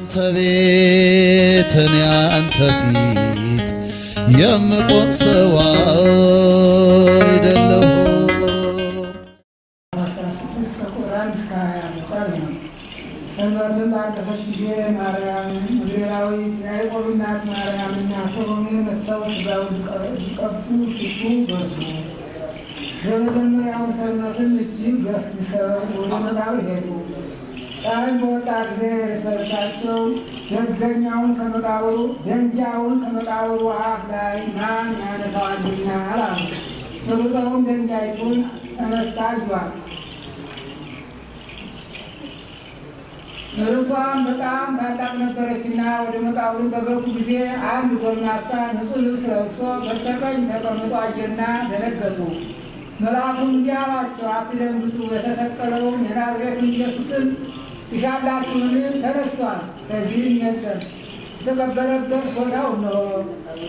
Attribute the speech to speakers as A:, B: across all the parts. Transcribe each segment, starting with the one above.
A: አንተ ቤት እኔ አንተ ፊት የምቆም ሰው አይደለሁ። ሰንበትም ባለፈች ጊዜ ማርያም ሌላዊት እናት ማርያምና ሰሎሜ መጥተው ሥጋው ሊቀቡ ፊቱ ደርሱ። በመጀመሪያው ሰንበትም እጅግ ገስግሰው ወደ መቃብር ሄዱ። ፀሐይ በወጣ ጊዜ እርስ በርሳቸው ደንጃውን ከመቃብሩ ደንጃውን ከመቃብሩ አፍ ላይ ማን ያነሳዋልኛ አሉ። ሩጠውም ደንጃይቱን ተነስታ ይዟል። እርሷም በጣም ታላቅ ነበረችና ወደ መቃብሩ በገቡ ጊዜ አንድ ጎልማሳ ንጹሕ ልብስ ለብሶ በስተቀኝ ተቀምጦ አየና ደነገጡ። መልአኩም እንዲህ አላቸው፣ አትደንግጡ፣ የተሰቀለውን የናዝሬቱን ኢየሱስን ይሻላችሁንም ተነስቷል ከዚህም ነበር የተቀበረበት ቦታው እነሆ።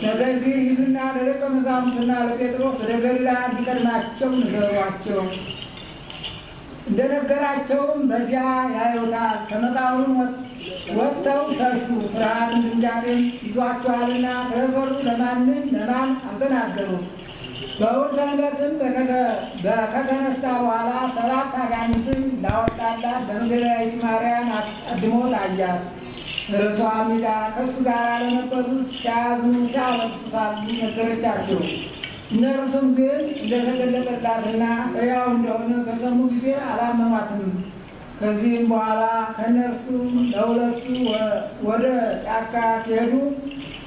A: ነገር ግን ሂዱና ለደቀ መዛሙርትና ለጴጥሮስ ወደ ገሊላ እንዲቀድማቸው ንገሯቸው። እንደነገራቸውም በዚያ ያዩታል። ከመቃብሩም ወጥተው ሸሹ፣ ፍርሃትም ድንጋጤም ይዟቸዋልና ስለፈሩ ለማንም ለማን አልተናገሩም። በውርሰንበትም ከተነሳ በኋላ ሰባት አጋንንትን ላወጣላት በምድራዊት ማርያም አስቀድሞ ታያት። ርሷ ሚዳ ከእሱ ጋር ለነበሩት ሲያዝኑ ሲያለቅሱ ሳሉ ነገረቻቸው። እነርሱም ግን እንደተገለጠላትና ሕያው እንደሆነ በሰሙ ጊዜ አላመማትም። ከዚህም በኋላ ከእነርሱም ለሁለቱ ወደ ጫካ ሲሄዱ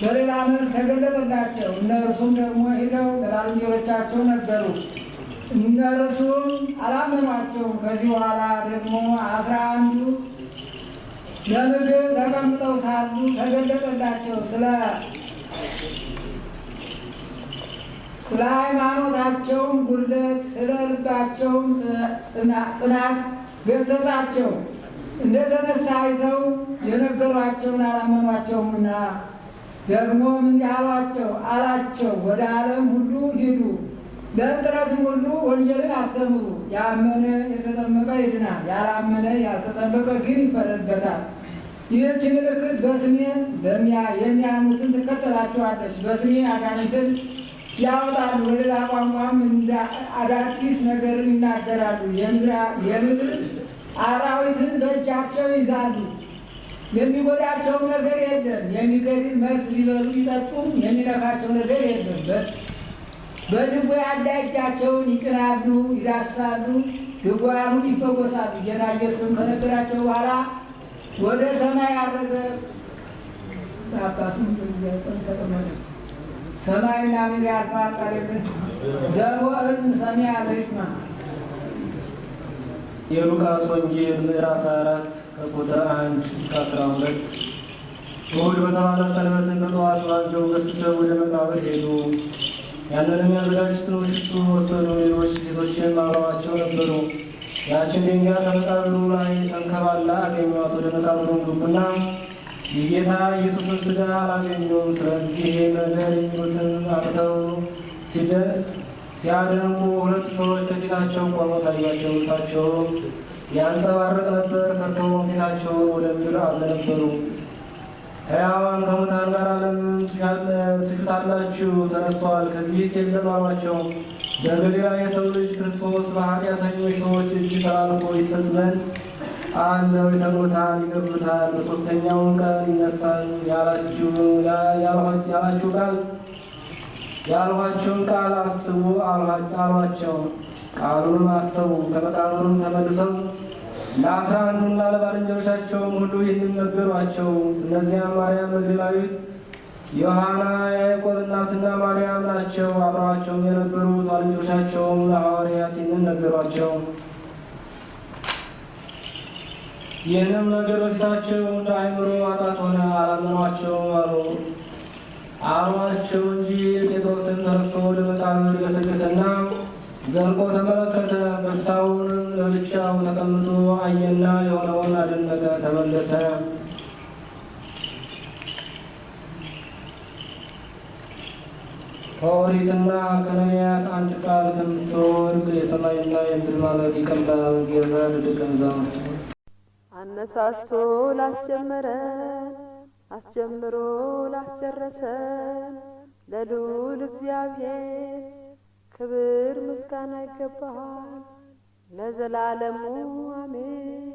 A: በሌላ መልክ ተገለጠላቸው። እነርሱም ደግሞ ሄደው ለባልንጀሮቻቸው ነገሩ። እነርሱም አላመኗቸውም። ከዚህ በኋላ ደግሞ አስራ አንዱ ለምግብ ተቀምጠው ሳሉ ተገለጠላቸው። ስለ ስለ ሃይማኖታቸውም ጉድለት ስለ ልባቸውም ጽናት ገሰጻቸው። እንደተነሳ አይተው የነገሯቸውን አላመኗቸውምና ደግሞም እንዲህ አሏቸው አላቸው ወደ ዓለም ሁሉ ሂዱ፣ ለፍጥረትም ሁሉ ወንጌልን አስተምሩ። ያመነ የተጠመቀ ይድናል፣ ያላመነ ያልተጠመቀ ግን ይፈረድበታል። ይህች ምልክት በስሜ የሚያምኑትን ትከተላችኋለች። በስሜ አጋንንትን ያወጣሉ፣ በሌላ ቋንቋም እንደ አዳዲስ ነገርን ይናገራሉ፣ የምድር አራዊትን በእጃቸው ይዛሉ የሚጎዳቸው ነገር የለም። የሚገድል መርዝ ሊበሉ ይጠጡም የሚነካቸው ነገር የለም። በድውያን ያዳጃቸውን እጃቸውን ይጭናሉ፣ ይዳሳሉ ድውያኑም ይፈወሳሉ። እየታየስም ከነገራቸው በኋላ ወደ ሰማይ አረገ። ጳጳሱም ተቀመጠ። ሰማይና ምድር ያልፋል ቃል የለም። እዝም የሉቃስ ወንጌል ምዕራፍ 4 ከቁጥር 1 እስከ 12። እሑድ በተባለ ሰንበትን በጠዋት ማልደው ገስግሰው ወደ መቃብር ሄዱ። ያንንም ያዘጋጁትን ወጭቱ ወሰዱ። ሌሎች ሴቶችም አብረዋቸው ነበሩ። ያችን ድንጋይ ከመቃብሩ ላይ ተንከባላ አገኟት። ወደ መቃብሩ ግቡና የጌታ ኢየሱስን ሥጋ አላገኙም። ስለዚህ ነገር የሚሉትን አቅተው ሲያደንቁ ሁለት ሰዎች ፊታቸውን ቆሞ ታያቸው። እሳቸውም ያንጸባርቅ ነበር፣ ፈርቶ ፊታቸውን ወደ ምድር አልነበሩ። ሕያዋን ከሙታን ጋር ዓለምን ትሹታላችሁ፣ ተነስተዋል፣ ከዚህስ የለም አሏቸው። በገሊላ የሰው ልጅ ክርስቶስ በኃጢአተኞች ሰዎች እጅ ተላልፎ ይሰጥ ዘንድ አለው። ይሰቅሉታል፣ ይገብሩታል። በሦስተኛውን ቀን ይነሳል ያላችሁ ቃል ያልኋቸውን ቃል አስቡ አሏቸው። ቃሉንም አሰቡ፣ ከመቃብሩም ተመልሰው ለአስራ አንዱና ለባልንጀሮቻቸውም ሁሉ ይህንን ነገሯቸው። እነዚያም ማርያም መግደላዊት፣ ዮሐና፣ የያዕቆብ እናትና ማርያም ናቸው። አብረዋቸውም የነበሩት ባልንጀሮቻቸውም ለሐዋርያት ይህንን ነገሯቸው። ይህንም ነገር በፊታቸው እንደ አይምሮ አጣት ሆነ፣ አላመኗቸውም አሉ። አሏቸው እንጂ ጴጥሮስን ተነስቶ ወደ መቃብር ገሰገሰና ዘልቆ ተመለከተ። መፍታውንም ለብቻው ተቀምጦ አየና የሆነውን አደነቀ። ተመለሰ። ከኦሪትና ከነቢያት አንድ ቃል ከምትወርቅ የሰማይና የምድር ማለት ይቀላል። ጌታ ለደቀ መዛሙርቱ አነሳስቶ ላስጀመረን አስጀምሮ ላስጨረሰን ለልዑል እግዚአብሔር ክብር ምስጋና ይገባል ለዘላለሙ አሜን።